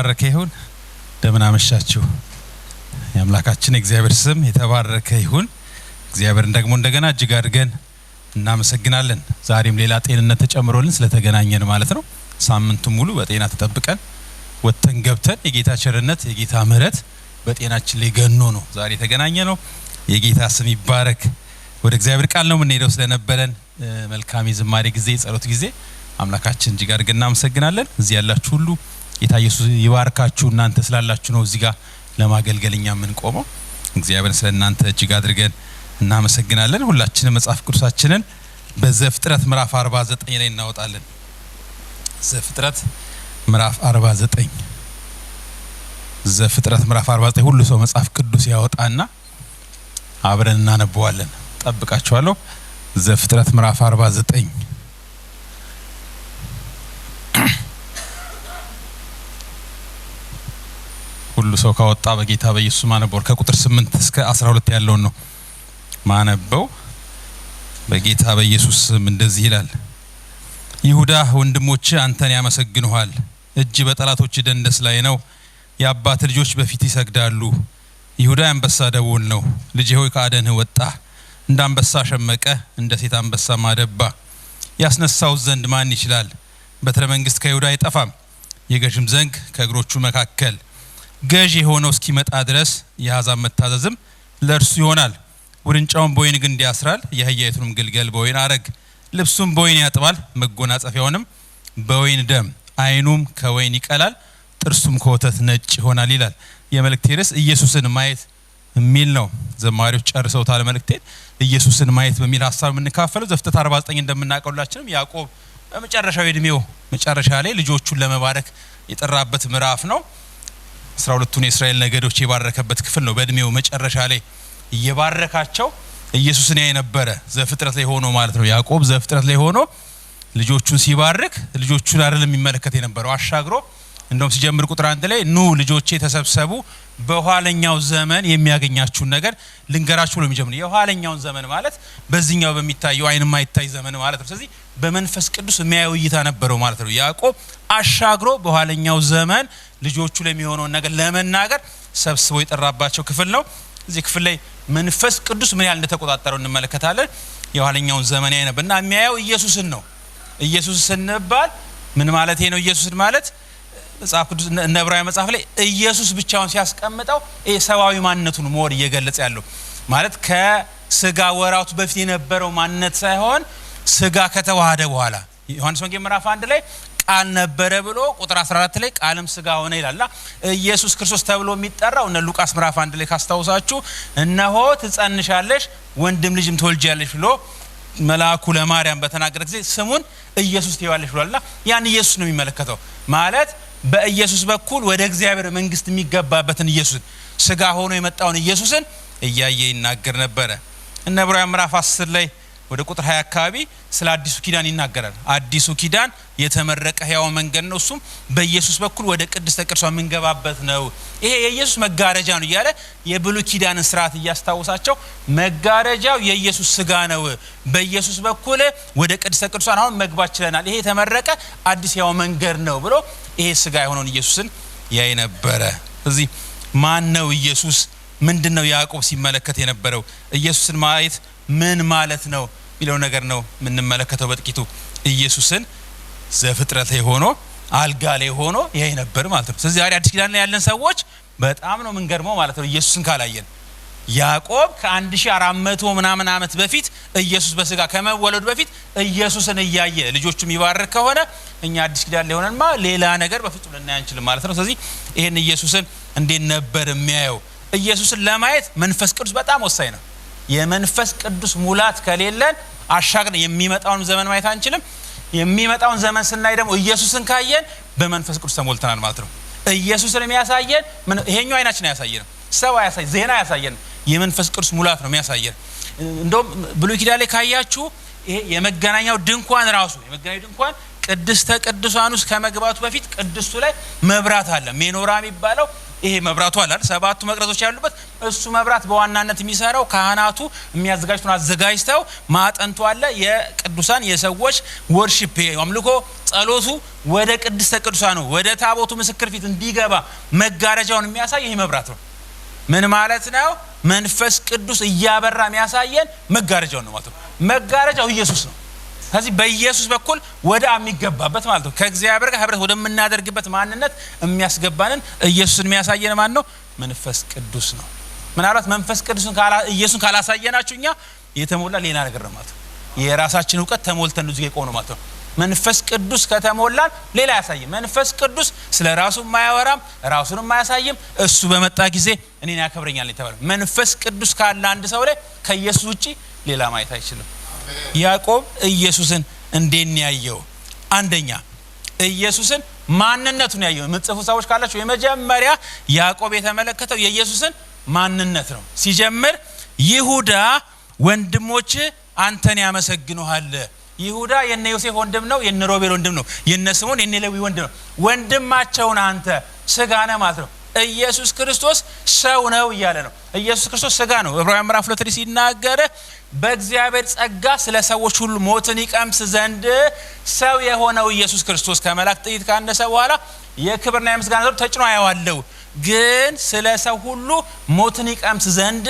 የተባረከ ይሁን። እንደምን አመሻችሁ። የአምላካችን የእግዚአብሔር ስም የተባረከ ይሁን። እግዚአብሔርን ደግሞ እንደገና እጅግ አድርገን እናመሰግናለን። ዛሬም ሌላ ጤንነት ተጨምሮልን ስለተገናኘን ማለት ነው። ሳምንቱን ሙሉ በጤና ተጠብቀን ወጥተን ገብተን የጌታ ቸርነት የጌታ ምሕረት በጤናችን ላይ ገኖ ነው ዛሬ የተገናኘ ነው። የጌታ ስም ይባረክ። ወደ እግዚአብሔር ቃል ነው የምንሄደው። ስለነበረን መልካም የዝማሬ ጊዜ፣ የጸሎት ጊዜ አምላካችን እጅግ አድርገን እናመሰግናለን። እዚህ ያላችሁ ሁሉ ጌታ ኢየሱስ ይባርካችሁ። እናንተ ስላላችሁ ነው እዚህ ጋር ለማገልገል እኛ የምንቆመው። እግዚአብሔር ስለ እናንተ እጅግ አድርገን እናመሰግናለን። ሁላችንም መጽሐፍ ቅዱሳችንን በዘፍጥረት ምዕራፍ 49 ላይ እናወጣለን። ዘፍጥረት ምዕራፍ 49 ዘፍጥረት ምዕራፍ 49 ሁሉ ሰው መጽሐፍ ቅዱስ ያወጣና አብረን እናነበዋለን። ጠብቃችኋለሁ። ዘፍጥረት ምዕራፍ 49 ሁሉ ሰው ካወጣ በጌታ በኢየሱስ ማነበው ከቁጥር 8 እስከ 12 ያለውን ነው ማነበው። በጌታ በኢየሱስ ስም እንደዚህ ይላል። ይሁዳ ወንድሞች አንተን ያመሰግኑሃል። እጅ በጠላቶች ደንደስ ላይ ነው። የአባት ልጆች በፊት ይሰግዳሉ። ይሁዳ የአንበሳ ደቦል ነው። ልጅ ሆይ ከአደንህ ወጣ፣ እንደ አንበሳ ሸመቀ፣ እንደ ሴት አንበሳ ማደባ። ያስነሳው ዘንድ ማን ይችላል? በትረ መንግስት ከይሁዳ አይጠፋም፣ የገዥም ዘንግ ከእግሮቹ መካከል ገዥ የሆነው እስኪመጣ ድረስ የአሕዛብ መታዘዝም ለእርሱ ይሆናል። ውርንጫውን በወይን ግንድ ያስራል፣ የአህያይቱንም ግልገል በወይን አረግ። ልብሱም በወይን ያጥባል፣ መጎናጸፊያውንም በወይን ደም፣ አይኑም ከወይን ይቀላል፣ ጥርሱም ከወተት ነጭ ይሆናል ይላል። የመልእክቴ ርዕስ ኢየሱስን ማየት የሚል ነው። ዘማሪዎች ጨርሰውታል መልእክቴን። ኢየሱስን ማየት በሚል ሀሳብ የምንካፈለው ዘፍጥረት 49 እንደምናቀውላችንም ያዕቆብ በመጨረሻው እድሜው መጨረሻ ላይ ልጆቹን ለመባረክ የጠራበት ምዕራፍ ነው። አስራ ሁለቱን የእስራኤል ነገዶች የባረከበት ክፍል ነው። በእድሜው መጨረሻ ላይ እየባረካቸው ኢየሱስን ያይ ነበረ። ዘፍጥረት ላይ ሆኖ ማለት ነው። ያዕቆብ ዘፍጥረት ላይ ሆኖ ልጆቹን ሲባርክ ልጆቹን አይደለም የሚመለከት የነበረው አሻግሮ እንደውም ሲጀምር ቁጥር አንድ ላይ ኑ ልጆቼ ተሰብሰቡ፣ በኋለኛው ዘመን የሚያገኛችሁን ነገር ልንገራችሁ ብሎ የሚጀምር የኋለኛውን ዘመን ማለት በዚህኛው በሚታየው አይን የማይታይ ዘመን ማለት ነው። ስለዚህ በመንፈስ ቅዱስ የሚያየው እይታ ነበረው ማለት ነው። ያዕቆብ አሻግሮ በኋለኛው ዘመን ልጆቹ ለሚሆነውን ነገር ለመናገር ሰብስቦ የጠራባቸው ክፍል ነው። እዚህ ክፍል ላይ መንፈስ ቅዱስ ምን ያህል እንደተቆጣጠረው እንመለከታለን። የኋለኛውን ዘመን ያይ ነበር እና የሚያየው ኢየሱስን ነው። ኢየሱስ ስንባል ምን ማለት ነው? ኢየሱስን ማለት መጽሐፍ ቅዱስ እነ መጽሐፍ ላይ ኢየሱስ ብቻውን ሲያስቀምጠው ሰብአዊ ማንነቱን መወድ እየገለጸ ያለው ማለት ከስጋ ወራቱ በፊት የነበረው ማንነት ሳይሆን ስጋ ከተዋሃደ በኋላ ዮሐንስ ወንጌል ምዕራፍ አንድ ላይ ቃል ነበረ ብሎ ቁጥር 14 ላይ ቃልም ስጋ ሆነ ይላልና ኢየሱስ ክርስቶስ ተብሎ የሚጠራው እነ ሉቃስ ምዕራፍ አንድ ላይ ካስታውሳችሁ እነሆ ትጸንሻለሽ ወንድም ልጅም ትወልጃለሽ ብሎ መልአኩ ለማርያም በተናገረ ጊዜ ስሙን ኢየሱስ ትይዋለሽ ብሏልና ያን ኢየሱስ ነው የሚመለከተው ማለት በኢየሱስ በኩል ወደ እግዚአብሔር መንግስት የሚገባበትን ኢየሱስን ስጋ ሆኖ የመጣውን ኢየሱስን እያየ ይናገር ነበረ። እነ ዕብራውያን ምዕራፍ 10 ላይ ወደ ቁጥር 20 አካባቢ ስለ አዲሱ ኪዳን ይናገራል። አዲሱ ኪዳን የተመረቀ ህያው መንገድ ነው፣ እሱም በኢየሱስ በኩል ወደ ቅድስተ ቅርሷ የምንገባበት ነው። ይሄ የኢየሱስ መጋረጃ ነው እያለ የብሉይ ኪዳንን ስርዓት እያስታወሳቸው መጋረጃው የኢየሱስ ስጋ ነው፣ በኢየሱስ በኩል ወደ ቅድስተ ቅርሷን አሁን መግባት ችለናል። ይሄ የተመረቀ አዲስ ህያው መንገድ ነው ብሎ ይሄ ስጋ የሆነውን ኢየሱስን ያይ ነበረ። እዚህ ማን ነው ኢየሱስ? ምንድን ነው ያዕቆብ ሲመለከት የነበረው? ኢየሱስን ማየት ምን ማለት ነው? የሚለው ነገር ነው የምንመለከተው በጥቂቱ ኢየሱስን ዘፍጥረት ሆኖ አልጋ ላይ ሆኖ ይሄ ነበር ማለት ነው። ስለዚህ ዛሬ አዲስ ኪዳን ላይ ያለን ሰዎች በጣም ነው የምንገርመው ማለት ነው ኢየሱስን ካላየን። ያዕቆብ ከአንድ ሺ አራት ምናምን ዓመት በፊት ኢየሱስ በስጋ ከመወለዱ በፊት ኢየሱስን እያየ ልጆቹ የሚባርክ ከሆነ እኛ አዲስ ኪዳን ላይ ሆነንማ ሌላ ነገር በፍጹም ልናይ አንችልም ማለት ነው። ስለዚህ ይህን ኢየሱስን እንዴት ነበር የሚያየው? ኢየሱስን ለማየት መንፈስ ቅዱስ በጣም ወሳኝ ነው። የመንፈስ ቅዱስ ሙላት ከሌለን አሻግረን የሚመጣውን ዘመን ማየት አንችልም። የሚመጣውን ዘመን ስናይ ደግሞ ኢየሱስን ካየን በመንፈስ ቅዱስ ተሞልተናል ማለት ነው። ኢየሱስን የሚያሳየን ይሄኛው አይናችን አያሳየንም፣ ሰው አያሳይ ዜና አያሳየንም። የመንፈስ ቅዱስ ሙላት ነው የሚያሳየን። እንደም ብሉ ኪዳሌ ካያችሁ ይሄ የመገናኛው ድንኳን ራሱ የመገናኛው ድንኳን ቅድስተ ቅዱሳን ውስጥ ከመግባቱ በፊት ቅድስቱ ላይ መብራት አለ ሜኖራ የሚባለው ይሄ መብራቱ አላል ሰባቱ መቅረዞች ያሉበት እሱ መብራት በዋናነት የሚሰራው ካህናቱ የሚያዘጋጅቱን አዘጋጅተው ማጠንቱ አለ የቅዱሳን የሰዎች ወርሽፕ አምልኮ ጸሎቱ ወደ ቅድስተ ቅዱሳ ነው ወደ ታቦቱ ምስክር ፊት እንዲገባ መጋረጃውን የሚያሳይ ይሄ መብራት ነው። ምን ማለት ነው? መንፈስ ቅዱስ እያበራ የሚያሳየን መጋረጃውን ነው ማለት ነው። መጋረጃው ኢየሱስ ነው። ስለዚህ በኢየሱስ በኩል ወደ የሚገባበት ማለት ነው። ከእግዚአብሔር ጋር ህብረት ወደምናደርግበት ማንነት የሚያስገባንን ኢየሱስን የሚያሳየን ማን ነው? መንፈስ ቅዱስ ነው። ምናልባት መንፈስ ቅዱስን ኢየሱስን ካላሳየናችሁ እኛ የተሞላ ሌላ ነገር ነው ማለት ነው። የራሳችን እውቀት ተሞልተን ብዙ የቆ ነው ማለት ነው። መንፈስ ቅዱስ ከተሞላን ሌላ አያሳይም። መንፈስ ቅዱስ ስለ ራሱ የማያወራም ራሱን የማያሳይም። እሱ በመጣ ጊዜ እኔን ያከብረኛል የተባለ መንፈስ ቅዱስ ካለ አንድ ሰው ላይ ከኢየሱስ ውጭ ሌላ ማየት አይችልም። ያዕቆብ ኢየሱስን እንዴን ያየው? አንደኛ ኢየሱስን ማንነቱን ያየው። የምትጽፉ ሰዎች ካላችሁ የመጀመሪያ ያዕቆብ የተመለከተው የኢየሱስን ማንነት ነው። ሲጀምር ይሁዳ ወንድሞች አንተን ያመሰግኑሃል። ይሁዳ የነ ዮሴፍ ወንድም ነው፣ የነ ሮቤል ወንድም ነው፣ የነ ስምዖን የነ ሌዊ ወንድም ነው። ወንድማቸውን አንተ ስጋ ነህ ማለት ነው። ኢየሱስ ክርስቶስ ሰው ነው እያለ ነው። ኢየሱስ ክርስቶስ ስጋ ነው። ዕብራውያን ምዕራፍ ሁለት ሲናገር በእግዚአብሔር ጸጋ ስለ ሰዎች ሁሉ ሞትን ይቀምስ ዘንድ ሰው የሆነው ኢየሱስ ክርስቶስ ከመላእክት ጥቂት ካነሰ በኋላ የክብርና የምስጋና ዘውድ ተጭኖ አየዋለሁ። ግን ስለ ሰው ሁሉ ሞትን ይቀምስ ዘንድ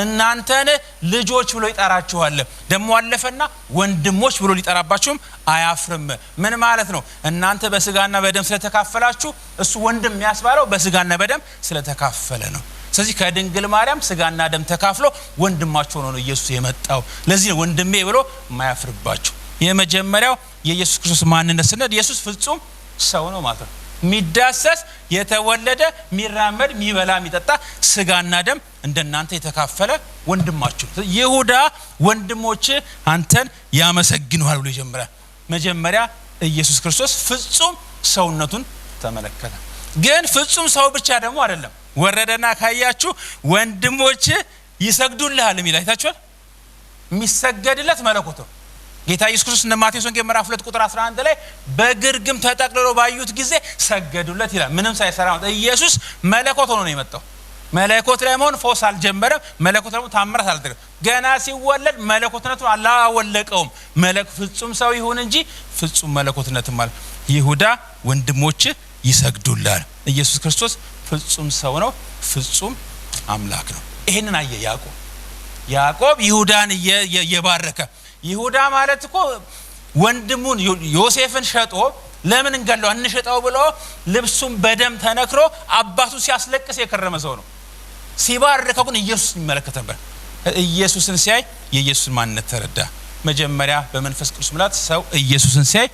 እናንተን ልጆች ብሎ ይጠራችኋል። ደግሞ አለፈና ወንድሞች ብሎ ሊጠራባችሁም አያፍርም። ምን ማለት ነው? እናንተ በስጋና በደም ስለተካፈላችሁ እሱ ወንድም ያስባለው በስጋና በደም ስለተካፈለ ነው። ስለዚህ ከድንግል ማርያም ስጋና ደም ተካፍሎ ወንድማቸው ሆኖ ነው ኢየሱስ የመጣው። ለዚህ ነው ወንድሜ ብሎ ማያፍርባቸው የመጀመሪያው የኢየሱስ ክርስቶስ ማንነት ስንል ኢየሱስ ፍጹም ሰው ነው ማለት ነው። የሚዳሰስ የተወለደ የሚራመድ የሚበላ የሚጠጣ ስጋና ደም እንደናንተ የተካፈለ ወንድማችሁ ይሁዳ ወንድሞች አንተን ያመሰግኑሃል ብሎ ይጀምራል። መጀመሪያ ኢየሱስ ክርስቶስ ፍጹም ሰውነቱን ተመለከተ። ግን ፍጹም ሰው ብቻ ደግሞ አይደለም ወረደና ካያችሁ ወንድሞች ይሰግዱልሃል የሚል አይታችኋል። የሚሰገድለት መለኮት ነው። ጌታ ኢየሱስ ክርስቶስ እንደ ማቴዎስ ወንጌል ምዕራፍ ሁለት ቁጥር 11 ላይ በግርግም ተጠቅልሎ ባዩት ጊዜ ሰገዱለት ይላል። ምንም ሳይሰራ ነው። ኢየሱስ መለኮት ሆኖ ነው የመጣው። መለኮት ላይ መሆን ፎስ አልጀመረም። መለኮት ደግሞ ታምራት አልደረገም። ገና ሲወለድ መለኮትነቱ አላወለቀውም። መለክ ፍጹም ሰው ይሁን እንጂ ፍጹም መለኮትነትም አለ። ይሁዳ ወንድሞች ይሰግዱላል ኢየሱስ ክርስቶስ ፍጹም ሰው ነው፣ ፍጹም አምላክ ነው። ይህንን አየ ያዕቆብ። ያዕቆብ ይሁዳን የባረከ ይሁዳ ማለት እኮ ወንድሙን ዮሴፍን ሸጦ ለምን እንገለው እንሸጠው ብሎ ልብሱን በደም ተነክሮ አባቱ ሲያስለቅስ የከረመ ሰው ነው። ሲባርከው ግን ኢየሱስ ይመለከት ነበር። ኢየሱስን ሲያይ የኢየሱስን ማንነት ተረዳ። መጀመሪያ በመንፈስ ቅዱስ ምላት ሰው ኢየሱስን ሲያይ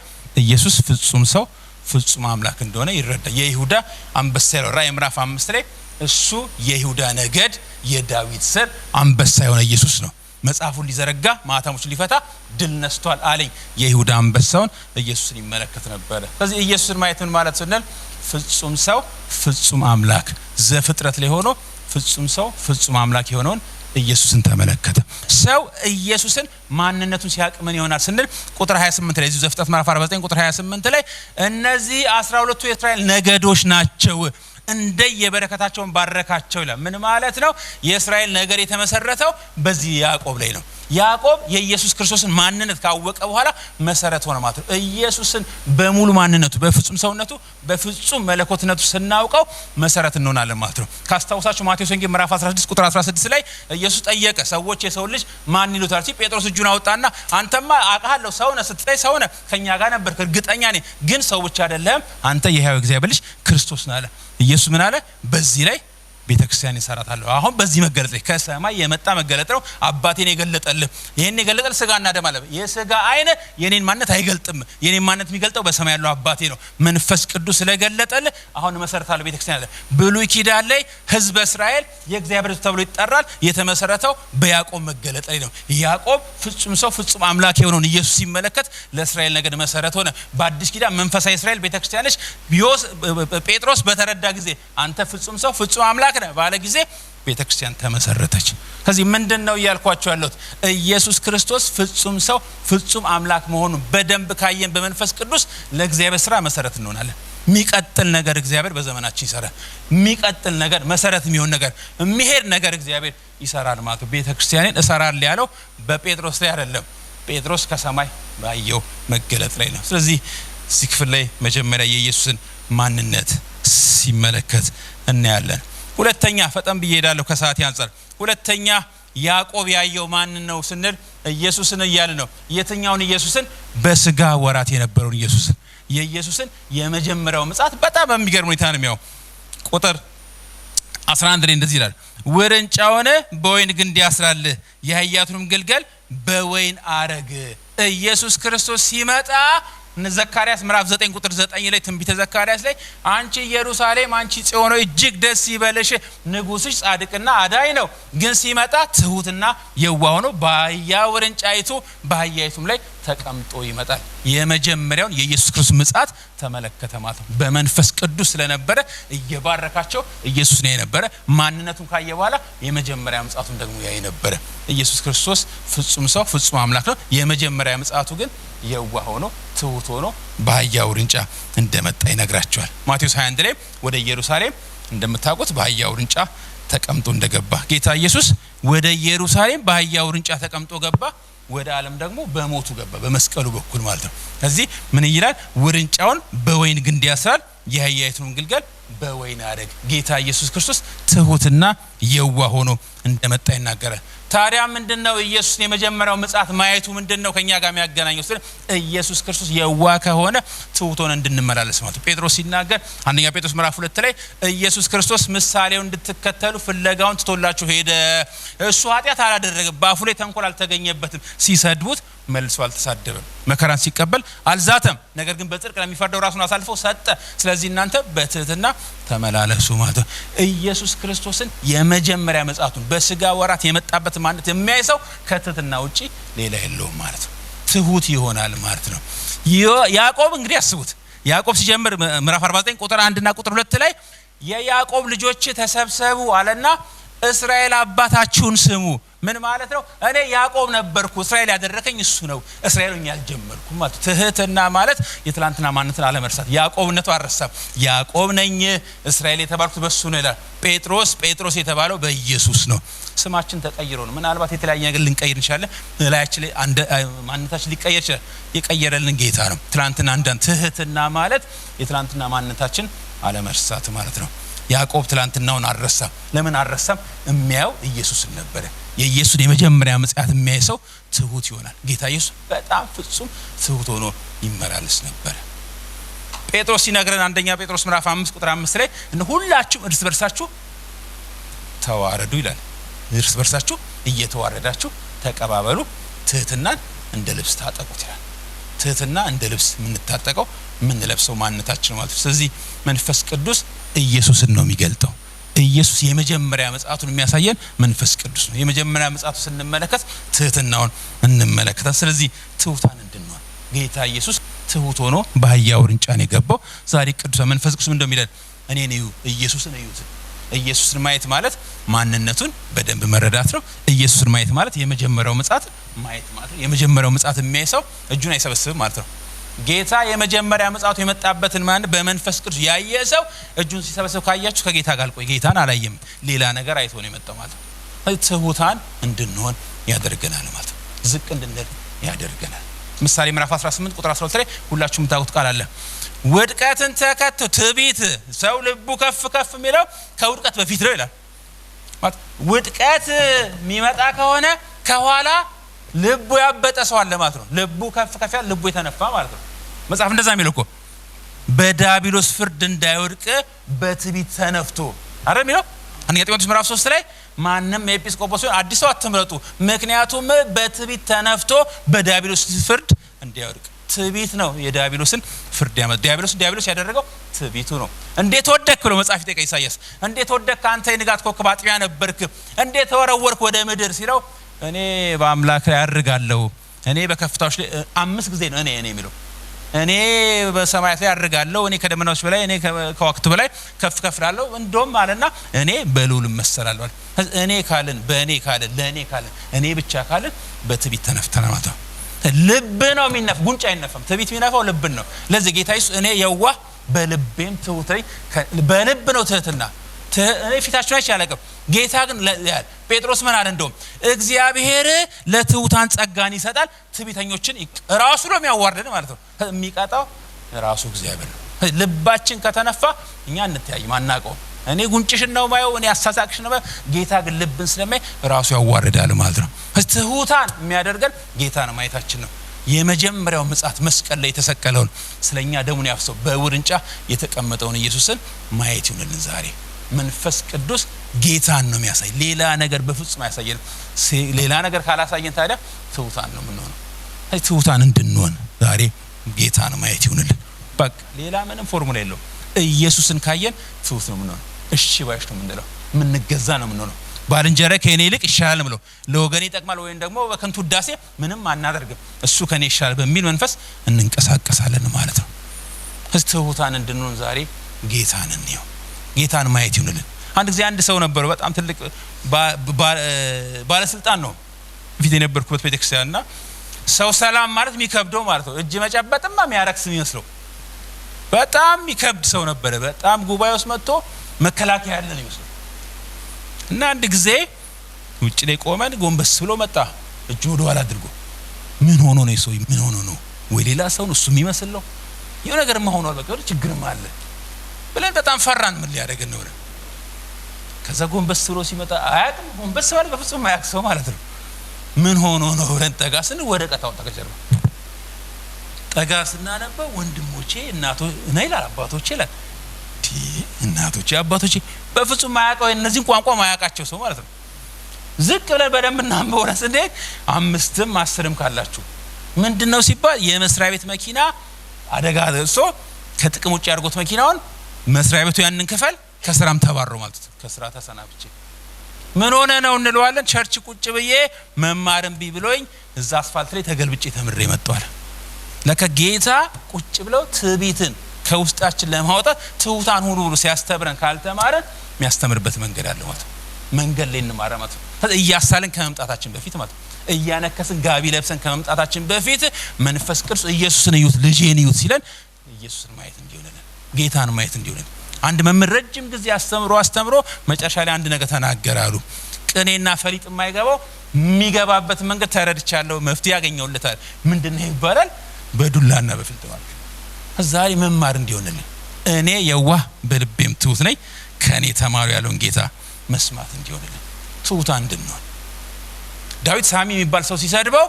ኢየሱስ ፍጹም ሰው ፍጹም አምላክ እንደሆነ ይረዳል። የይሁዳ አንበሳ ይለው ራእይ ምዕራፍ አምስት ላይ እሱ የይሁዳ ነገድ የዳዊት ስር አንበሳ የሆነ ኢየሱስ ነው። መጽሐፉን ሊዘረጋ ማኅተሞቹን ሊፈታ ድል ነስቷል አለኝ። የይሁዳ አንበሳውን ኢየሱስን ይመለከት ነበረ። ስለዚህ ኢየሱስን ማየት ምን ማለት ስንል ፍጹም ሰው ፍጹም አምላክ ዘፍጥረት ላይ ሆኖ ፍጹም ሰው ፍጹም አምላክ የሆነውን ኢየሱስን ተመለከተ። ሰው ኢየሱስን ማንነቱን ሲያውቅ ምን ይሆናል ስንል ቁጥር 28 ላይ እዚሁ ዘፍጥረት ምዕራፍ 49 ቁጥር 28 ላይ እነዚህ 12ቱ የእስራኤል ነገዶች ናቸው እንደየበረከታቸውን ባረካቸው ይላል። ምን ማለት ነው? የእስራኤል ነገር የተመሰረተው በዚህ ያዕቆብ ላይ ነው። ያዕቆብ የኢየሱስ ክርስቶስን ማንነት ካወቀ በኋላ መሰረት ሆነ ማለት ነው። ኢየሱስን በሙሉ ማንነቱ፣ በፍጹም ሰውነቱ፣ በፍጹም መለኮትነቱ ስናውቀው መሰረት እንሆናለን ማለት ነው። ካስታውሳችሁ ማቴዎስ ወንጌል ምዕራፍ 16 ቁጥር 16 ላይ ኢየሱስ ጠየቀ፣ ሰዎች የሰው ልጅ ማን ይሉታል ሲል ጴጥሮስ እጁን አወጣና አንተማ አውቃለሁ ሰውነ ስትጠይ ሰውነ ከኛ ጋር ነበር እርግጠኛ ነኝ፣ ግን ሰው ብቻ አይደለም አንተ የህያው እግዚአብሔር ልጅ ክርስቶስ ነህ አለ። ኢየሱስ ምን አለ? በዚህ ላይ ቤተክርስቲያን ይሰራታለሁ። አሁን በዚህ መገለጥ ከሰማይ የመጣ መገለጥ ነው። አባቴን የገለጠልህ ይህን የገለጠል ስጋ እና ደም አለ። የስጋ አይነ የኔን ማነት አይገልጥም። የኔን ማነት የሚገልጠው በሰማይ ያለው አባቴ ነው። መንፈስ ቅዱስ ስለገለጠልህ አሁን መሰረታለሁ ቤተክርስቲያን አለ። ብሉይ ኪዳን ላይ ህዝበ እስራኤል የእግዚአብሔር ተብሎ ይጠራል። የተመሰረተው በያዕቆብ መገለጥ ላይ ነው። ያዕቆብ ፍጹም ሰው ፍጹም አምላክ የሆነውን ኢየሱስ ሲመለከት ለእስራኤል ነገድ መሰረት ሆነ። በአዲስ ኪዳን መንፈሳዊ እስራኤል ቤተክርስቲያኖች ጴጥሮስ በተረዳ ጊዜ አንተ ፍጹም ሰው ፍጹም አምላክ ተናግረ ባለ ጊዜ ቤተ ክርስቲያን ተመሰረተች። ከዚህ ምንድን ነው እያልኳቸው ያለሁት ኢየሱስ ክርስቶስ ፍጹም ሰው ፍጹም አምላክ መሆኑን በደንብ ካየን በመንፈስ ቅዱስ ለእግዚአብሔር ስራ መሰረት እንሆናለን። የሚቀጥል ነገር እግዚአብሔር በዘመናችን ይሰራ የሚቀጥል ነገር መሰረት የሚሆን ነገር የሚሄድ ነገር እግዚአብሔር ይሰራል ማለት ነው። ቤተ ክርስቲያንን እሰራል ያለው በጴጥሮስ ላይ አይደለም። ጴጥሮስ ከሰማይ ባየው መገለጥ ላይ ነው። ስለዚህ እዚህ ክፍል ላይ መጀመሪያ የኢየሱስን ማንነት ሲመለከት እናያለን። ሁለተኛ ፈጠን ብዬ ሄዳለሁ ከሰዓት አንጻር። ሁለተኛ ያዕቆብ ያየው ማን ነው ስንል ኢየሱስን እያል ነው። የትኛውን ኢየሱስን? በስጋ ወራት የነበረውን ኢየሱስን፣ የኢየሱስን የመጀመሪያው ምጽአት በጣም በሚገርም ሁኔታ ነው የሚያው። ቁጥር 11 ላይ እንደዚህ ይላል፣ ሆነ በወይን ግንድ ያስራልህ የህያቱንም ግልገል በወይን አረግ። ኢየሱስ ክርስቶስ ሲመጣ ዘካርያስ ምዕራፍ 9 ቁጥር 9 ላይ ትንቢተ ዘካርያስ ላይ አንቺ ኢየሩሳሌም፣ አንቺ ጽዮን እጅግ ደስ ይበለሽ፣ ንጉስሽ ጻድቅና አዳይ ነው፣ ግን ሲመጣ ትሁትና የዋህ ነው፣ በአህያ ውርንጫይቱ በአህያይቱም ላይ ተቀምጦ ይመጣል። የመጀመሪያውን የኢየሱስ ክርስቶስ ምጻት ተመለከተ ማለት ነው። በመንፈስ ቅዱስ ስለነበረ እየባረካቸው ኢየሱስ ነው የነበረ። ማንነቱን ካየ በኋላ የመጀመሪያ ምጻቱን ደግሞ ያይ ነበረ። ኢየሱስ ክርስቶስ ፍጹም ሰው ፍጹም አምላክ ነው። የመጀመሪያ ምጻቱ ግን የዋህ ሆኖ ትሁት ሆኖ በአህያ ውርንጫ እንደመጣ ይነግራቸዋል። ማቴዎስ 21 ላይ ወደ ኢየሩሳሌም እንደምታውቁት በአህያ ውርንጫ ተቀምጦ እንደገባ ጌታ ኢየሱስ ወደ ኢየሩሳሌም በአህያ ውርንጫ ተቀምጦ ገባ። ወደ ዓለም ደግሞ በሞቱ ገባ፣ በመስቀሉ በኩል ማለት ነው። እዚህ ምን ይላል? ውርንጫውን በወይን ግንድ ያስራል፣ የአህያይቱን ግልገል በወይን አደግ። ጌታ ኢየሱስ ክርስቶስ ትሁትና የዋ ሆኖ እንደመጣ ይናገራል። ታዲያ ምንድን ነው ኢየሱስን የመጀመሪያው ምጽአት ማየቱ ምንድን ነው ከእኛ ጋር የሚያገናኘው? ስለ ኢየሱስ ክርስቶስ የዋ ከሆነ ትውቶን እንድንመላለስ ማለት ጴጥሮስ ሲናገር አንደኛ ጴጥሮስ ምዕራፍ ሁለት ላይ ኢየሱስ ክርስቶስ ምሳሌው እንድትከተሉ ፍለጋውን ትቶላችሁ ሄደ። እሱ ኃጢአት አላደረገ በአፉ ላይ ተንኮል አልተገኘበትም፣ ሲሰድቡት መልሶ አልተሳደበም፣ መከራን ሲቀበል አልዛተም። ነገር ግን በጽድቅ ለሚፈርደው ራሱን አሳልፎ ሰጠ። ስለዚህ እናንተ በትህትና ተመላለሱ ማለት ነው። ኢየሱስ ክርስቶስን የመጀመሪያ መጽቱን በስጋ ወራት የመጣበት ማነት የሚያይ ሰው ከትህትና ውጪ ሌላ የለውም ማለት ነው። ትሁት ይሆናል ማለት ነው። ያዕቆብ እንግዲህ አስቡት። ያዕቆብ ሲጀምር ምዕራፍ 49 ቁጥር 1 እና ቁጥር 2 ላይ የያዕቆብ ልጆች ተሰብሰቡ አለና እስራኤል አባታችሁን ስሙ ምን ማለት ነው? እኔ ያዕቆብ ነበርኩ፣ እስራኤል ያደረከኝ እሱ ነው፣ እስራኤልኛ ሆኜ አልጀመርኩም ማለት ትህትና ማለት የትላንትና ማንነትን አለመርሳት፣ ያዕቆብነቱ አረሳም ያዕቆብ ነኝ፣ እስራኤል የተባልኩት በእሱ ነው ይላል። ጴጥሮስ ጴጥሮስ የተባለው በኢየሱስ ነው። ስማችን ተቀይሮ ነው። ምናልባት የተለያየ ነገር ልንቀይር እንችላለን። ላያችን ላይ ማንነታችን ሊቀየር ይችላል። የቀየረልን ጌታ ነው። ትላንትና አንዳንድ ትህትና ማለት የትላንትና ማንነታችን አለመርሳት ማለት ነው። ያዕቆብ ትላንትናውን አረሳም ለምን አረሳም የሚያየው ኢየሱስን ነበረ። የኢየሱስን የመጀመሪያ ምጽአት የሚያይ ሰው ትሁት ይሆናል። ጌታ ኢየሱስ በጣም ፍጹም ትሁት ሆኖ ይመላለስ ነበረ። ጴጥሮስ ሲነግረን አንደኛ ጴጥሮስ ምዕራፍ አምስት ቁጥር አምስት ላይ እነ ሁላችሁም እርስ በርሳችሁ ተዋረዱ ይላል። እርስ በርሳችሁ እየተዋረዳችሁ ተቀባበሉ፣ ትህትናን እንደ ልብስ ታጠቁት ይላል። ትህትና እንደ ልብስ የምንታጠቀው የምንለብሰው ማንነታችን ማለት። ስለዚህ መንፈስ ቅዱስ ኢየሱስን ነው የሚገልጠው። ኢየሱስ የመጀመሪያ ምጽአቱን የሚያሳየን መንፈስ ቅዱስ ነው። የመጀመሪያ ምጽአቱ ስንመለከት ትህትናውን እንመለከታል። ስለዚህ ትሑታን እንድንሆን ጌታ ኢየሱስ ትሁት ሆኖ በአህያ ውርንጫን የገባው። ዛሬ ቅዱሳ መንፈስ ቅዱስ ምን እንደሚለን እኔን እዩ፣ ኢየሱስን እዩት። ኢየሱስን ማየት ማለት ማንነቱን በደንብ መረዳት ነው። ኢየሱስን ማየት ማለት የመጀመሪያው ምጽአት ማየት ማለት ነው። የመጀመሪያው ምጽአት የሚያይ ሰው እጁን አይሰበስብም ማለት ነው። ጌታ የመጀመሪያ ምጽአቱ የመጣበትን ማን በመንፈስ ቅዱስ ያየ ሰው እጁን ሲሰበሰብ ካያችሁ ከጌታ ጋር ቆይ፣ ጌታን አላየም፣ ሌላ ነገር አይቶ ነው የመጣው ማለት ነው። ትሑታን እንድንሆን ያደርገናል ማለት ነው። ዝቅ እንድንል ያደርገናል። ምሳሌ ምዕራፍ 18 ቁጥር 13 ላይ ሁላችሁ የምታውቁት ቃል አለ። ውድቀትን ተከቶ ትቢት፣ ሰው ልቡ ከፍ ከፍ የሚለው ከውድቀት በፊት ነው ይላል። ውድቀት የሚመጣ ከሆነ ከኋላ ልቡ ያበጠ ሰው አለ ማለት ነው። ልቡ ከፍ ከፍ ያለ ልቡ የተነፋ ማለት ነው። መጽሐፍ እንደዛ የሚል እኮ በዳቢሎስ ፍርድ እንዳይወድቅ በትቢት ተነፍቶ አረ የሚለው አንደኛ ጢሞቴዎስ ምዕራፍ ሶስት ላይ ማንም የኤጲስቆጶስ ሲሆን አዲስ ሰው አትምረጡ፣ ምክንያቱም በትቢት ተነፍቶ በዳቢሎስ ፍርድ እንዳይወድቅ። ትቢት ነው የዳቢሎስን ፍርድ ያመጡ። ዳቢሎስ ዳቢሎስ ያደረገው ትቢቱ ነው። እንዴት ወደክ ብሎ መጽሐፍ ይጠይቀ ኢሳያስ እንዴት ወደክ አንተ የንጋት ኮከብ አጥቢያ ነበርክ፣ እንዴት ተወረወርክ ወደ ምድር ሲለው እኔ በአምላክ ላይ አድርጋለሁ። እኔ በከፍታዎች ላይ አምስት ጊዜ ነው እኔ እኔ የሚለው እኔ በሰማያት ላይ አድርጋለሁ። እኔ ከደመናዎች በላይ እኔ ከዋክብት በላይ ከፍ ከፍ ላለሁ። እንደም አለና እኔ በልዑል እመሰላለሁ። እኔ ካልን በእኔ ካልን ለእኔ ካልን እኔ ብቻ ካልን በትቢት ተነፍተናል ማለት ነው። ልብ ነው የሚነፍ፣ ጉንጭ አይነፈም ትቢት የሚነፋው ልብን ነው። ለዚህ ጌታ ይሱ እኔ የዋህ በልቤም ትውተኝ በልብ ነው ትህትና ፊታቸው ላይ ሻለቅም ጌታ ግን ያል ጴጥሮስ ምን አለ? እንደውም እግዚአብሔር ለትሑታን ጸጋን ይሰጣል፣ ትዕቢተኞችን ራሱ ነው የሚያዋርድን ማለት ነው። የሚቀጣው ራሱ እግዚአብሔር ነው። ልባችን ከተነፋ እኛ እንተያይም አናውቀውም። እኔ ጉንጭሽን ነው ማየው፣ እኔ አሳሳቅሽ ነው ማየው። ጌታ ግን ልብን ስለማይ ራሱ ያዋርዳል ማለት ነው። ትሑታን የሚያደርገን ጌታ ነው ማየታችን ነው። የመጀመሪያው ምጻት መስቀል ላይ የተሰቀለውን ስለ እኛ ደሙን ያፍሰው በውርንጫ የተቀመጠውን ኢየሱስን ማየት ይሁንልን ዛሬ መንፈስ ቅዱስ ጌታን ነው የሚያሳይ ሌላ ነገር በፍጹም አያሳየንም ሌላ ነገር ካላሳየን ታዲያ ትውታን ነው የምንሆነው ትውታን እንድንሆን ዛሬ ነው ማየት ይሁንልን በቃ ሌላ ምንም ፎርሙላ የለው ኢየሱስን ካየን ትውት ነው የምንሆነው እሺ ባሽ ነው የምንለው የምንገዛ ነው የምንሆነው ባልንጀረ ከእኔ ይልቅ ይሻላል ብሎ ለወገኔ ይጠቅማል ወይም ደግሞ በከንቱ ዳሴ ምንም አናደርግም እሱ ከእኔ ይሻላል በሚል መንፈስ እንንቀሳቀሳለን ማለት ነው ትውታን እንድንሆን ዛሬ ጌታን እንየው ጌታን ማየት ይሁንልን። አንድ ጊዜ አንድ ሰው ነበሩ፣ በጣም ትልቅ ባለስልጣን ነው ፊት የነበርኩበት ቤተክርስቲያን እና ሰው ሰላም ማለት የሚከብደው ማለት ነው። እጅ መጨበጥማ የሚያረክስ የሚመስለው በጣም የሚከብድ ሰው ነበረ። በጣም ጉባኤ ውስጥ መጥቶ መከላከያ ያለ ነው ይመስለው እና አንድ ጊዜ ውጭ ላይ ቆመን ጎንበስ ብሎ መጣ። እጁ ወደ ኋላ አድርጎ ምን ሆኖ ነው ሰው ምን ሆኖ ነው ወይ ሌላ ሰው እሱ የሚመስለው ይኸው ነገር መሆኗል። በቃ ችግርም አለ ብለን በጣም ፈራን። ምን ሊያደርግ ነው? ከዛ ጎንበስ ብሎ ሲመጣ አያቅም። ጎንበስ ማለት በፍጹም አያቅ ሰው ማለት ነው። ምን ሆኖ ነው ብለን ጠጋ ስንል ወረቀት አወጣ ከጀርባ። ጠጋ ስናነበው ወንድሞቼ እናቶ እና ይላል አባቶቼ ይላል እናቶቼ አባቶቼ፣ በፍጹም ማያውቀው እነዚህን ቋንቋ ማያውቃቸው ሰው ማለት ነው። ዝቅ ብለን በደንብ እናንበውረስ እንዴ አምስትም አስርም ካላችሁ ምንድን ነው ሲባል የመስሪያ ቤት መኪና አደጋ ደርሶ ከጥቅም ውጭ ያድርጎት መኪናውን መስሪያ ቤቱ ያንን ክፈል፣ ከስራም ተባሮ ማለት ከስራ ተሰናብቼ ምን ሆነ ነው እንለዋለን። ቸርች ቁጭ ብዬ መማርን ቢ ብሎኝ እዛ አስፋልት ላይ ተገልብጬ ተምሬ መጥቷል። ለከ ጌታ ቁጭ ብለው ትዕቢትን ከውስጣችን ለማውጣት ትሑታን ሁሉ ብሎ ሲያስተምረን ካልተማረን የሚያስተምርበት መንገድ አለ ማለት መንገድ ላይ እንማረ ማለት እያሳልን ከመምጣታችን በፊት ማለት እያነከስን ጋቢ ለብሰን ከመምጣታችን በፊት መንፈስ ቅዱስ ኢየሱስን እዩት ልጄን እዩት ሲለን ኢየሱስን ማየት ጌታን ማየት እንዲሆን አንድ መምህር ረጅም ጊዜ አስተምሮ አስተምሮ መጨረሻ ላይ አንድ ነገር ተናገረ አሉ። ቅኔና ፈሊጥ የማይገባው የሚገባበት መንገድ ተረድቻለሁ፣ መፍትሄ ያገኘውለታል። ምንድነው ይባላል? በዱላና በፍልጥ ማለት። ዛሬ መማር እንዲሆንልን እኔ የዋህ በልቤም ትሁት ነኝ፣ ከእኔ ተማሩ ያለውን ጌታ መስማት እንዲሆንልን ትሁት አንድንሆን። ዳዊት ሳሚ የሚባል ሰው ሲሰድበው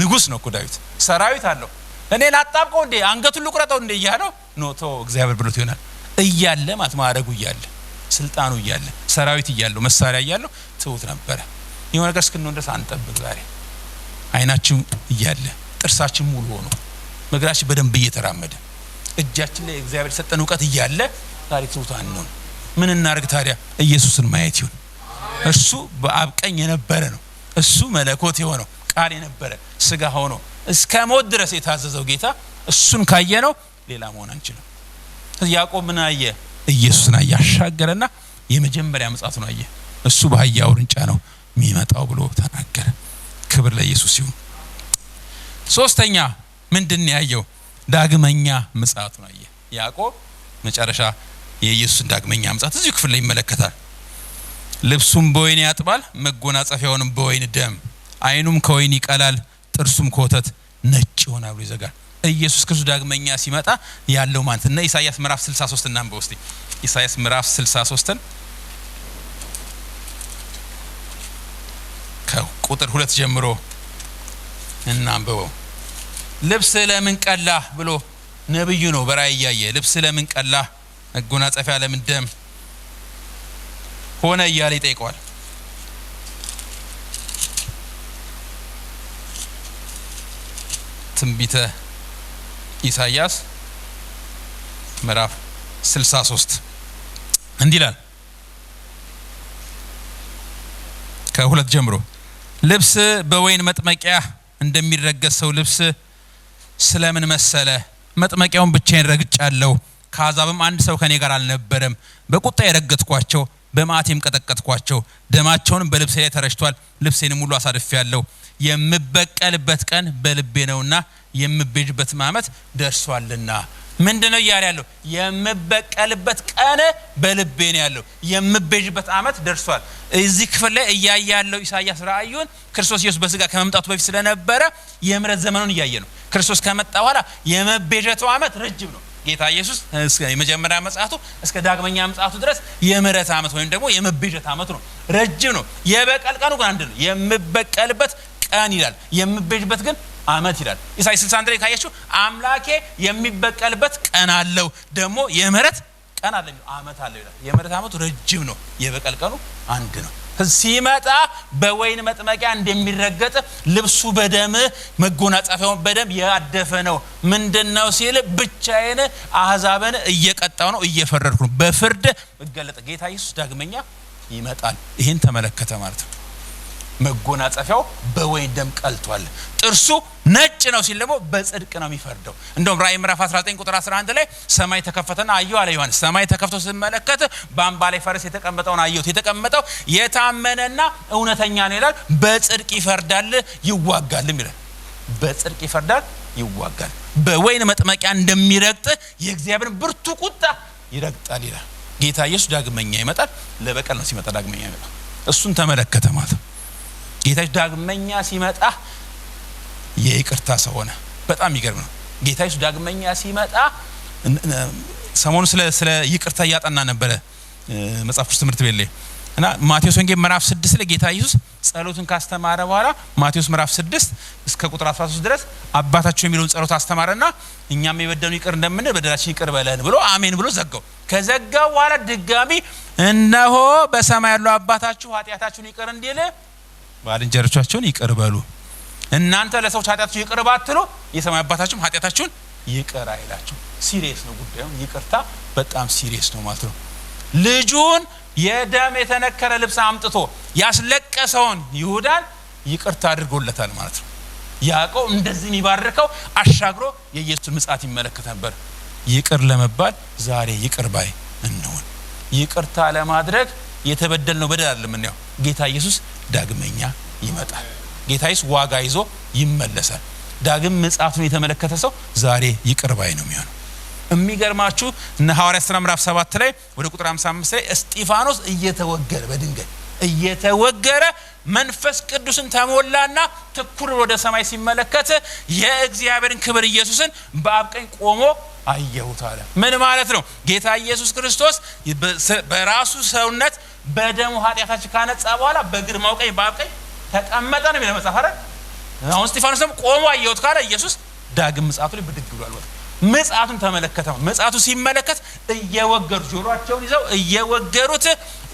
ንጉስ ነው እኮ ዳዊት ሰራዊት አለው እኔን አጣብቀው እንዴ አንገቱን ልቁረጠው እንዴ እያለው ኖቶ እግዚአብሔር ብሎት ይሆናል እያለ ማለት ማዕረጉ እያለ ስልጣኑ እያለ ሰራዊት እያለው መሳሪያ እያለው ትውት ነበረ። የሆነ ነገር እስክንሆን ድረስ አንጠብቅ። ዛሬ አይናችን እያለ ጥርሳችን ሙሉ ሆኖ እግራችን በደንብ እየተራመደ እጃችን ላይ እግዚአብሔር የሰጠን እውቀት እያለ ዛሬ ትውት አንሆን። ምን እናርግ ታዲያ? ኢየሱስን ማየት ይሁን። እርሱ በአብቀኝ የነበረ ነው። እሱ መለኮት የሆነው ቃል የነበረ ስጋ ሆኖ እስከ ሞት ድረስ የታዘዘው ጌታ እሱን ካየ ነው ሌላ መሆን አንችልም። ያዕቆብ ምን አየ? ኢየሱስን አየ። አሻገረና የመጀመሪያ ነው አየ። እሱ በአህያ ውርንጫ ነው የሚመጣው ብሎ ተናገረ። ክብር ለኢየሱስ ይሁን። ሶስተኛ ምንድን ያየው? ዳግመኛ ነው አየ። ያዕቆብ መጨረሻ የኢየሱስን ዳግመኛ ምጽአት እዚሁ ክፍል ላይ ይመለከታል። ልብሱም በወይን ያጥባል፣ መጎናጸፊያውንም በወይን ደም፣ አይኑም ከወይን ይቀላል፣ ጥርሱም ከወተት ነጭ ይሆናል ብሎ ይዘጋል። ኢየሱስ ክርስቶስ ዳግመኛ ሲመጣ ያለው ማለት እና ኢሳያስ ምዕራፍ 63 እናም በውስጥ ኢሳያስ ምዕራፍ 63ን ከቁጥር ሁለት ጀምሮ እናንብበው። ልብስ ለምን ቀላ ብሎ ነብዩ ነው በራእይ እያየ ልብስ ለምን ቀላህ፣ መጎናጸፊያ ለምን ደም ሆነ እያለ ይጠይቀዋል። ትንቢተ ኢሳያስ ምዕራፍ 63 እንዲህ ይላል። ከሁለት ጀምሮ ልብስ በወይን መጥመቂያ እንደሚረገጥ ሰው ልብስ ስለምን መሰለ? መጥመቂያውን ብቻዬን ረግጫለሁ፣ ከአሕዛብም አንድ ሰው ከኔ ጋር አልነበረም። በቁጣ የረገጥኳቸው በማቴም ቀጠቀጥኳቸው። ደማቸውን በልብሴ ላይ ተረጭቷል። ልብሴንም ሁሉ አሳድፍ ያለው የምበቀልበት ቀን በልቤ ነውና የምቤዥበትም ዓመት ደርሷልና። ምንድን ነው እያለ ያለው? የምበቀልበት ቀን በልቤ ነው ያለው። የምቤዥበት ዓመት ደርሷል። እዚህ ክፍል ላይ እያየ ያለው ኢሳያስ ራእዩን ክርስቶስ ኢየሱስ በስጋ ከመምጣቱ በፊት ስለነበረ የምረት ዘመኑን እያየ ነው። ክርስቶስ ከመጣ በኋላ የመቤዠቱ ዓመት ረጅም ነው። ጌታ ኢየሱስ የመጀመሪያ ምጽአቱ እስከ ዳግመኛ ምጽአቱ ድረስ የምረት ዓመት ወይም ደግሞ የመቤዠት አመት ነው። ረጅም ነው። የበቀል ቀኑ ግን አንድ ነው። የምበቀልበት ቀን ይላል፣ የምቤዥበት ግን አመት ይላል። ኢሳይያስ 61 ላይ ካየችው አምላኬ የሚበቀልበት ቀን አለው ደግሞ የምረት ቀን አለ፣ አመት አለው ይላል። የምረት አመቱ ረጅም ነው። የበቀል ቀኑ አንድ ነው። ሲመጣ በወይን መጥመቂያ እንደሚረገጥ ልብሱ በደም መጎናጸፊያውን በደም ያደፈ ነው። ምንድን ነው ሲል ብቻዬን አህዛብን እየቀጣው ነው፣ እየፈረድኩ ነው፣ በፍርድ እገለጥ። ጌታ ኢየሱስ ዳግመኛ ይመጣል። ይህን ተመለከተ ማለት ነው። መጎናጸፊያው በወይን ደም ቀልቷል፣ ጥርሱ ነጭ ነው ሲል ደግሞ በጽድቅ ነው የሚፈርደው። እንደውም ራእይ ምዕራፍ 19 ቁጥር 11 ላይ ሰማይ ተከፈተና አየሁ አለ ዮሐንስ። ሰማይ ተከፍቶ ስመለከት በአምባ ላይ ፈረስ የተቀመጠውን አየሁት። የተቀመጠው የታመነና እውነተኛ ነው ይላል፣ በጽድቅ ይፈርዳል ይዋጋልም ይላል። በጽድቅ ይፈርዳል ይዋጋል። በወይን መጥመቂያ እንደሚረግጥ የእግዚአብሔርን ብርቱ ቁጣ ይረግጣል ይላል። ጌታ ኢየሱስ ዳግመኛ ይመጣል። ለበቀል ነው ሲመጣ ዳግመኛ ይመጣል። እሱን ተመለከተ ማለት ጌታችን ዳግመኛ ሲመጣ የይቅርታ ሰው ሆነ። በጣም ይገርም ነው። ጌታችን ዳግመኛ ሲመጣ ሰሞኑ ስለ ስለ ይቅርታ እያጠና ነበረ መጽሐፍ ቅዱስ ትምህርት ቤት ላይ እና ማቴዎስ ወንጌል ምዕራፍ ስድስት ላይ ጌታ ኢየሱስ ጸሎትን ካስተማረ በኋላ ማቴዎስ ምዕራፍ ስድስት እስከ ቁጥር 13 ድረስ አባታቸው የሚለውን ጸሎት አስተማረና እኛም የበደኑ ይቅር እንደምንል በደላችን ይቅር በለን ብሎ አሜን ብሎ ዘጋው። ከዘጋው በኋላ ድጋሚ እነሆ በሰማይ ያለው አባታችሁ ኃጢአታችሁን ይቅር እንዲል ባልንጀሮቻችሁን ይቅር በሉ። እናንተ ለሰዎች ኃጢአታችሁ ይቅር ባትሉ የሰማይ አባታችሁም ኃጢአታችሁን ይቅር አይላችሁ። ሲሪየስ ነው ጉዳዩ። ይቅርታ በጣም ሲሪየስ ነው ማለት ነው። ልጁን የደም የተነከረ ልብስ አምጥቶ ያስለቀሰውን ይሁዳን ይቅርታ አድርጎለታል ማለት ነው። ያዕቆብ እንደዚህ የሚባርከው አሻግሮ የኢየሱስ ምጽአት ይመለከት ነበር። ይቅር ለመባል ዛሬ ይቅር ባይ እንሆን። ይቅርታ ለማድረግ የተበደል ነው በደል አለ። ያው ጌታ ኢየሱስ ዳግመኛ ይመጣል። ጌታይስ ዋጋ ይዞ ይመለሳል። ዳግም ምጽአቱን የተመለከተ ሰው ዛሬ ይቅር ባይ ነው የሚሆነው። የሚገርማችሁ እነ ሐዋርያት ሥራ ምዕራፍ 7 ላይ ወደ ቁጥር 55 ላይ እስጢፋኖስ እየተወገረ በድንገት እየተወገረ መንፈስ ቅዱስን ተሞላና ትኩር ወደ ሰማይ ሲመለከት የእግዚአብሔርን ክብር ኢየሱስን በአብ ቀኝ ቆሞ አየሁት አለ። ምን ማለት ነው? ጌታ ኢየሱስ ክርስቶስ በራሱ ሰውነት በደሙ ኃጢአታችን ካነጻ በኋላ በግርማው ቀኝ በአብ ቀኝ ተቀመጠ ነው የሚለው መጽሐፍ አይደል? አሁን እስጢፋኖስ ደግሞ ቆሞ አየሁት ካለ ኢየሱስ ዳግም ምጽአቱ ላይ ብድግ ብሏል። ወጣ ምጽአቱን ተመለከተ ነው። ምጽአቱ ሲመለከት እየወገሩ ጆሮአቸውን ይዘው እየወገሩት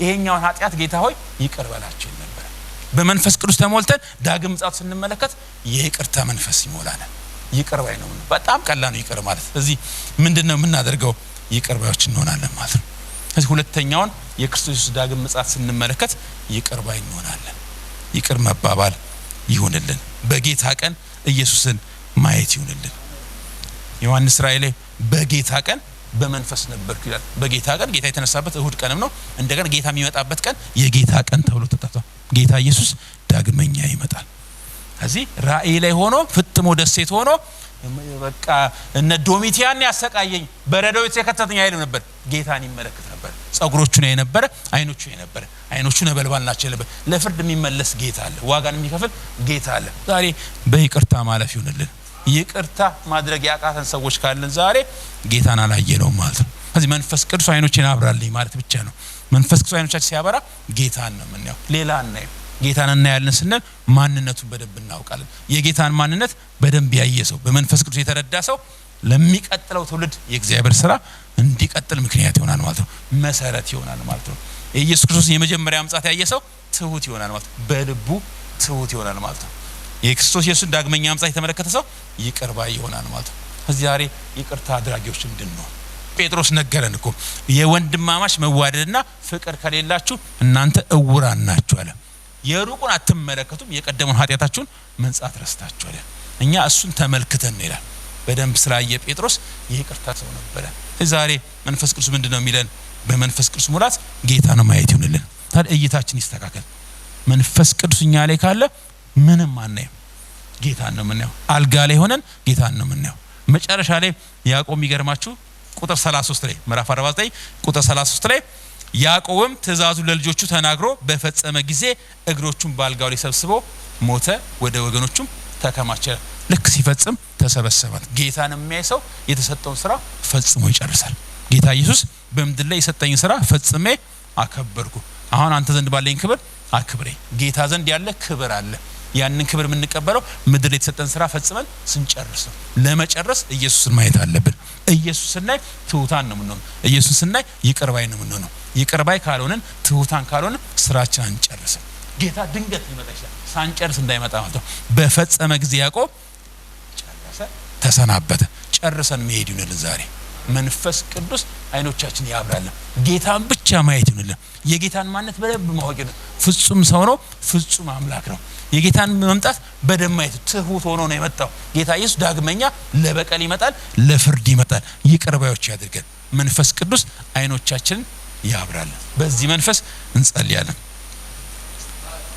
ይሄኛውን ኃጢአት ጌታ ሆይ ይቅር በላቸው ነበር። በመንፈስ ቅዱስ ተሞልተን ዳግም ምጽአቱ ስንመለከት የይቅርታ መንፈስ ይሞላናል። ይቅር ባይ ነው። በጣም ቀላል ነው ይቅር ማለት። ስለዚህ ምንድን ነው የምናደርገው? ይቅር ባዮች እንሆናለን ማለት ነው። ስለዚህ ሁለተኛውን የክርስቶስ ኢየሱስ ዳግም ምጽአት ስንመለከት ይቅር ባይ እንሆናለን። ይቅር መባባል ይሁንልን። በጌታ ቀን ኢየሱስን ማየት ይሁንልን። ዮሐንስ ራእይ ላይ በጌታ ቀን በመንፈስ ነበርኩ ይላል። በጌታ ቀን ጌታ የተነሳበት እሁድ ቀንም ነው። እንደገና ጌታ የሚመጣበት ቀን የጌታ ቀን ተብሎ ተጠርቷል። ጌታ ኢየሱስ ዳግመኛ ይመጣል። ከዚህ ራእይ ላይ ሆኖ ፍጥሞ ደሴት ሆኖ በቃ እነ ዶሚቲያን ያሰቃየኝ በረዶው የከተተኝ አይልም ነበር። ጌታን ይመለከት ነበር። ጸጉሮቹ ነው የነበረ አይኖቹ የነበረ አይኖቹ ነበልባል ናቸው ነበር። ለፍርድ የሚመለስ ጌታ አለ። ዋጋን የሚከፍል ጌታ አለ። ዛሬ በይቅርታ ማለፍ ይሁንልን። ይቅርታ ማድረግ ያቃተን ሰዎች ካለን ዛሬ ጌታን አላየነውም ማለት ነው። ከዚህ መንፈስ ቅዱስ አይኖችን አብራልኝ ማለት ብቻ ነው። መንፈስ ቅዱስ አይኖቻችን ሲያበራ ጌታን ነው የምናየው፣ ሌላ አናየው። ጌታን እናያለን ስንል ማንነቱን በደንብ እናውቃለን። የጌታን ማንነት በደንብ ያየ ሰው፣ በመንፈስ ቅዱስ የተረዳ ሰው ለሚቀጥለው ትውልድ የእግዚአብሔር ስራ እንዲቀጥል ምክንያት ይሆናል ማለት ነው። መሰረት ይሆናል ማለት ነው። የኢየሱስ ክርስቶስ የመጀመሪያ ምጻት ያየ ሰው ትሁት ይሆናል ማለት ነው። በልቡ ትሁት ይሆናል ማለት ነው። የክርስቶስ ኢየሱስ ዳግመኛ ምጻት የተመለከተ ሰው ይቅርባ ይሆናል ማለት ነው። እዚህ ዛሬ ይቅርታ አድራጊዎች እንድንሆን ጴጥሮስ ነገረን እኮ የወንድማማች መዋደድና ፍቅር ከሌላችሁ እናንተ እውራን ናችሁ አለ። የሩቁን አትመለከቱም፣ የቀደሙን ኃጢአታችሁን መንጻት ረስታችኋል። እኛ እሱን ተመልክተን ነው ይላል። በደንብ ስላየ ጴጥሮስ ይቅርታ ሰው ነበረ። ዛሬ መንፈስ ቅዱስ ምንድን ነው የሚለን? በመንፈስ ቅዱስ ሙላት ጌታ ነው ማየት ይሆንልን። ታዲያ እይታችን ይስተካከል። መንፈስ ቅዱስ እኛ ላይ ካለ ምንም አናየም፣ ጌታን ነው የምናየው። አልጋ ላይ ሆነን ጌታን ነው የምናየው። መጨረሻ ላይ ያዕቆብ የሚገርማችሁ ቁጥር 33 ላይ ምዕራፍ 49 ቁጥር 33 ላይ ያዕቆብም ትእዛዙን ለልጆቹ ተናግሮ በፈጸመ ጊዜ እግሮቹን በአልጋው ላይ ሰብስቦ ሞተ፣ ወደ ወገኖቹም ተከማቸ። ልክ ሲፈጽም ተሰበሰባት። ጌታን የሚያይ ሰው የተሰጠውን ስራ ፈጽሞ ይጨርሳል። ጌታ ኢየሱስ በምድር ላይ የሰጠኝ ስራ ፈጽሜ አከበርኩ፣ አሁን አንተ ዘንድ ባለኝ ክብር አክብሬ። ጌታ ዘንድ ያለ ክብር አለ። ያንን ክብር የምንቀበለው ምድር ላይ የተሰጠን ስራ ፈጽመን ስንጨርስ ነው። ለመጨረስ ኢየሱስን ማየት አለብን። ኢየሱስ ስናይ ትሑታን ነው የምንሆነው። ኢየሱስ ስናይ ይቅርባይ ነው የምንሆነው። ይቅርባይ ካልሆንን ትሁታን ካልሆንን ስራችን አንጨርስም። ጌታ ድንገት ሊመጣ ይችላል። ሳንጨርስ እንዳይመጣ ማለት ነው። በፈጸመ ጊዜ ያዕቆብ ጨረሰ፣ ተሰናበተ። ጨርሰን መሄድ ይሁንልን ዛሬ መንፈስ ቅዱስ አይኖቻችን ያብራልን። ጌታን ብቻ ማየት ይሁንልን። የጌታን ማነት በደንብ ማወቅ ፍጹም ሰው ነው፣ ፍጹም አምላክ ነው። የጌታን መምጣት በደንብ ማየት ትሁት ሆኖ ነው የመጣው ጌታ ኢየሱስ። ዳግመኛ ለበቀል ይመጣል፣ ለፍርድ ይመጣል። ይቅርባዮች ያድርገን። መንፈስ ቅዱስ አይኖቻችንን ያብራል። በዚህ መንፈስ እንጸልያለን።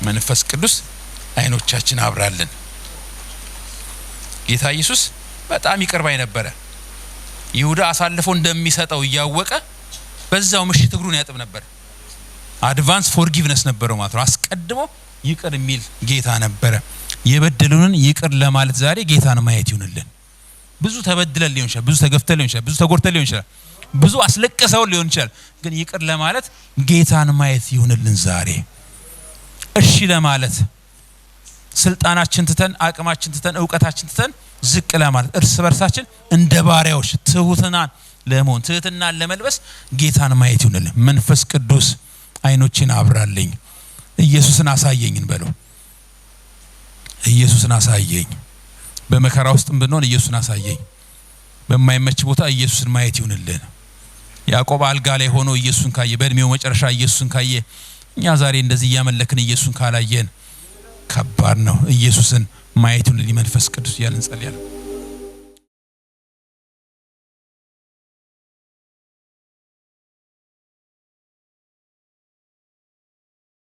መንፈስ ቅዱስ አይኖቻችን አብራልን። ጌታ ኢየሱስ በጣም ይቅር ባይ ነበረ። ይሁዳ አሳልፎ እንደሚሰጠው እያወቀ በዛው ምሽት እግሩን ያጥብ ነበር። አድቫንስ ፎርጊቭነስ ነበረው ማለት ነው። አስቀድሞ ይቅር የሚል ጌታ ነበረ። የበደሉንን ይቅር ለማለት ዛሬ ጌታን ማየት ይሁንልን። ብዙ ተበድለን ሊሆን ይችላል፣ ብዙ ተገፍተን ሊሆን ይችላል፣ ብዙ ተጎድተን ሊሆን ይችላል። ብዙ አስለቅሰውን ሊሆን ይችላል። ግን ይቅር ለማለት ጌታን ማየት ይሁንልን ዛሬ። እሺ ለማለት ስልጣናችን ትተን፣ አቅማችን ትተን፣ እውቀታችን ትተን ዝቅ ለማለት እርስ በርሳችን እንደ ባሪያዎች ትሁትናን ለመሆን ትህትናን ለመልበስ ጌታን ማየት ይሁንልን። መንፈስ ቅዱስ አይኖችን አብራልኝ፣ ኢየሱስን አሳየኝን በለው። ኢየሱስን አሳየኝ። በመከራ ውስጥም ብንሆን ኢየሱስን አሳየኝ። በማይመች ቦታ ኢየሱስን ማየት ይሁንልን። ያዕቆብ አልጋ ላይ ሆኖ ኢየሱስን ካየ፣ በእድሜው መጨረሻ ኢየሱስን ካየ፣ እኛ ዛሬ እንደዚህ እያመለክን ኢየሱስን ካላየን ከባድ ነው። ኢየሱስን ማየቱን ሊመንፈስ ቅዱስ እያልን እንጸልያለን።